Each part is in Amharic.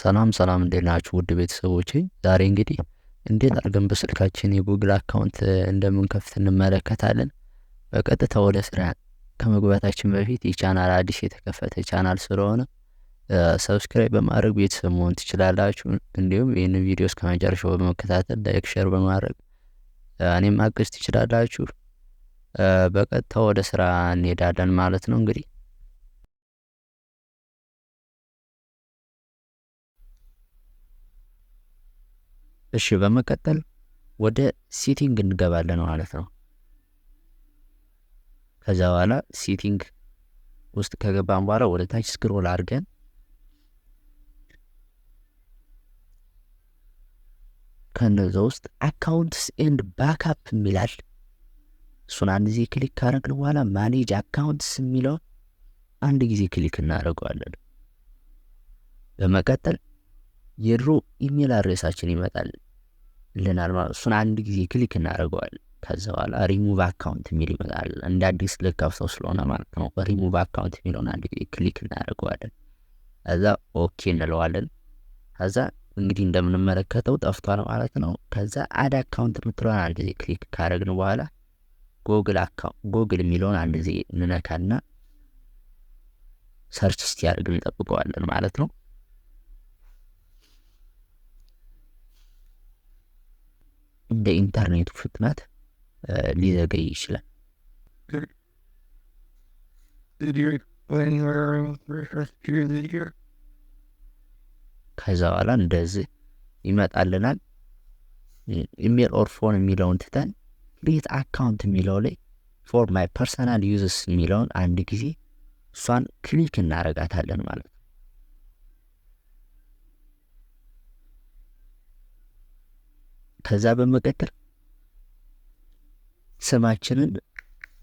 ሰላም ሰላም እንዴት ናችሁ ውድ ቤተሰቦች ዛሬ እንግዲህ እንዴት አድርገን በስልካችን የጉግል አካውንት እንደምንከፍት እንመለከታለን። በቀጥታ ወደ ስራ ከመግባታችን በፊት የቻናል አዲስ የተከፈተ ቻናል ስለሆነ ሰብስክራይብ በማድረግ ቤተሰብ መሆን ትችላላችሁ። እንዲሁም ይህን ቪዲዮ እስከ መጨረሻው በመከታተል ላይክ፣ ሸር በማድረግ እኔም ማገዝ ትችላላችሁ። በቀጥታ ወደ ስራ እንሄዳለን ማለት ነው እንግዲህ እሺ በመቀጠል ወደ ሴቲንግ እንገባለን ማለት ነው። ከዛ በኋላ ሴቲንግ ውስጥ ከገባን በኋላ ወደ ታች ስክሮል አድርገን ከነዛ ውስጥ አካውንትስ ኤንድ ባክአፕ የሚላል እሱን አንድ ጊዜ ክሊክ ካረግን በኋላ ማኔጅ አካውንትስ የሚለው አንድ ጊዜ ክሊክ እናደርገዋለን። በመቀጠል የድሮ ኢሜል አድሬሳችን ይመጣል። ልናል ማለት እሱን አንድ ጊዜ ክሊክ እናደርገዋል። ከዚ በኋላ ሪሙቭ አካውንት የሚል ይመጣል። እንደ አዲስ ልከፍተው ስለሆነ ማለት ነው። ሪሙቭ አካውንት የሚለውን አንድ ጊዜ ክሊክ እናደርገዋለን። ከዛ ኦኬ እንለዋለን። ከዛ እንግዲህ እንደምንመለከተው ጠፍቷል ማለት ነው። ከዛ አድ አካውንት የምትለውን አንድ ጊዜ ክሊክ ካደረግን በኋላ ጎግል አካውንት ጎግል የሚለውን አንድ ጊዜ እንነካና ሰርች ያደርግ እንጠብቀዋለን ማለት ነው። እንደ ኢንተርኔቱ ፍጥነት ሊዘገይ ይችላል። ከዛ በኋላ እንደዚህ ይመጣልናል። ኢሜል ኦር ፎን የሚለውን ትተን ክሬት አካውንት የሚለው ላይ ፎር ማይ ፐርሰናል ዩዝስ የሚለውን አንድ ጊዜ እሷን ክሊክ እናረጋታለን ማለት ነው። ከዛ በመቀጠል ስማችንን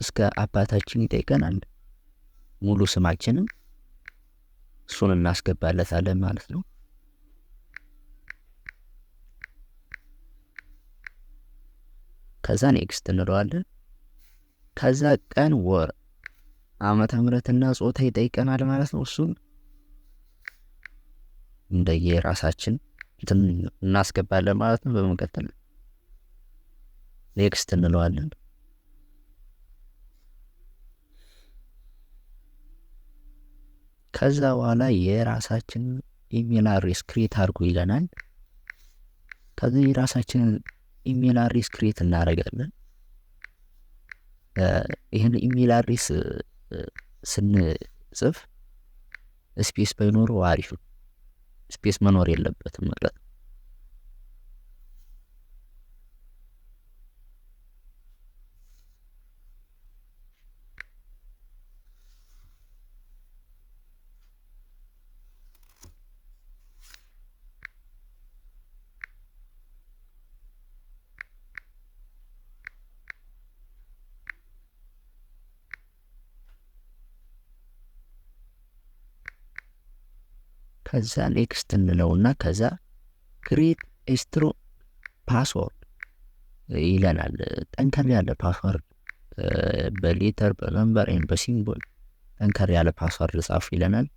እስከ አባታችን ይጠይቀናል። ሙሉ ስማችንን እሱን እናስገባለታለን ማለት ነው። ከዛ ኔክስት እንለዋለን። ከዛ ቀን፣ ወር፣ አመተ ምሕረትና ጾታ ይጠይቀናል ማለት ነው። እሱን እንደየራሳችን እናስገባለን ማለት ነው። በመቀጠል ኔክስት እንለዋለን። ከዛ በኋላ የራሳችን ኢሜል አድሬስ ክሬት አድርጉ ይለናል። ከዚህ የራሳችንን ኢሜል አድሬስ ክሬት እናደርጋለን። ይህን ኢሜል አድሬስ ስንጽፍ ስፔስ ባይኖረው አሪፍ ነው። ስፔስ መኖር የለበትም ማለት ነው። ከዛ ኔክስት እንለውና ከዛ ክሬት ኤስትሮ ፓስወርድ ይለናል። ጠንከር ያለ ፓስወርድ በሌተር በመንበር ወይም በሲምቦል ጠንከር ያለ ፓስወርድ ጻፍ ይለናል።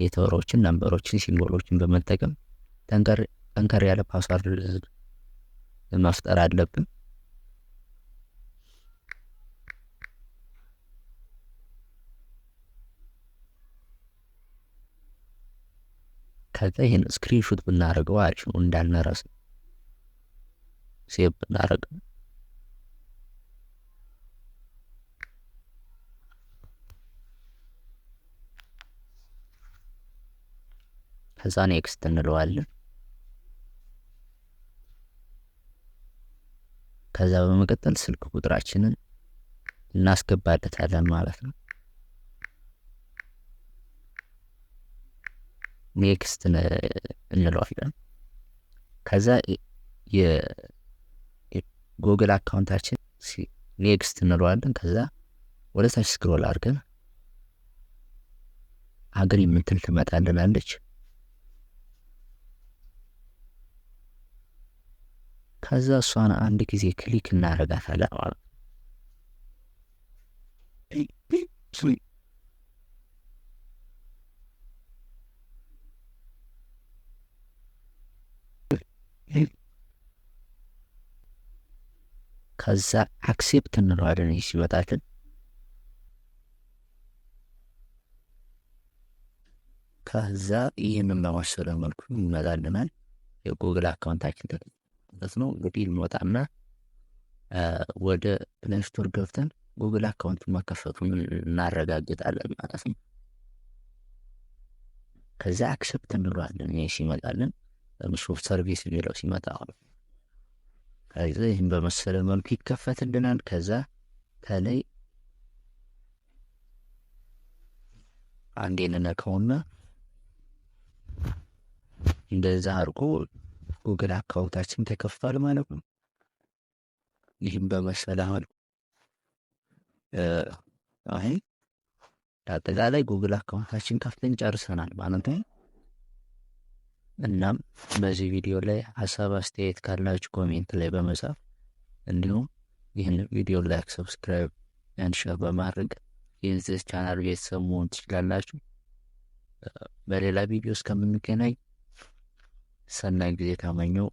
ሌተሮችን፣ ነንበሮችን፣ ሲምቦሎችን በመጠቀም ጠንከር ያለ ፓስወርድ መፍጠር አለብን። ካለ ይህን ስክሪንሹት ብናደርገው አሪፍ ነው፣ እንዳንረሳ ሴቭ ብናደርግ ከዛ ኔክስት እንለዋለን። ከዛ በመቀጠል ስልክ ቁጥራችንን እናስገባለታለን ማለት ነው። ኔክስት እንለዋለን። ከዛ የጎግል አካውንታችን ኔክስት እንለዋለን። ከዛ ወደ ታች ስክሮል አድርገን አግሪ የምትል ትመጣልናለች። ከዛ እሷን አንድ ጊዜ ክሊክ እናረጋታለን ማለት ነው። ከዛ አክሴፕት እንለዋለን። ይህ ሲወጣልን ከዛ ይህንን በመሰለ መልኩ ይመጣልናል። የጉግል አካውንታችን ማለት ነው። እንግዲህ እንወጣና ወደ ፕሌይስቶር ገብተን ጉግል አካውንት መከፈቱን እናረጋግጣለን ማለት ነው። ከዛ አክሰፕት እንለዋለን። ይህ ሲመጣልን ሶፍት ሰርቪስ የሚለው ሲመጣ ይህን በመሰለ መልኩ ይከፈትልናል። ከዛ ከላይ አንዴ ልነካውና እንደዛ አድርጎ ጉግል አካውንታችን ተከፍቷል ማለት ነው። ይህም በመሰለ መልኩ አይ አጠቃላይ ጉግል አካውንታችን ከፍተን ጨርሰናል ማለት ነው። እናም በዚህ ቪዲዮ ላይ ሀሳብ አስተያየት ካላችሁ ኮሜንት ላይ በመጻፍ እንዲሁም ይህን ቪዲዮ ላይክ፣ ሰብስክራይብ ኤንድ በማድረግ የዚህ ቻናል ቤተሰብ መሆን ትችላላችሁ። በሌላ ቪዲዮ እስከምንገናኝ ሰናይ ጊዜ ተመኘው።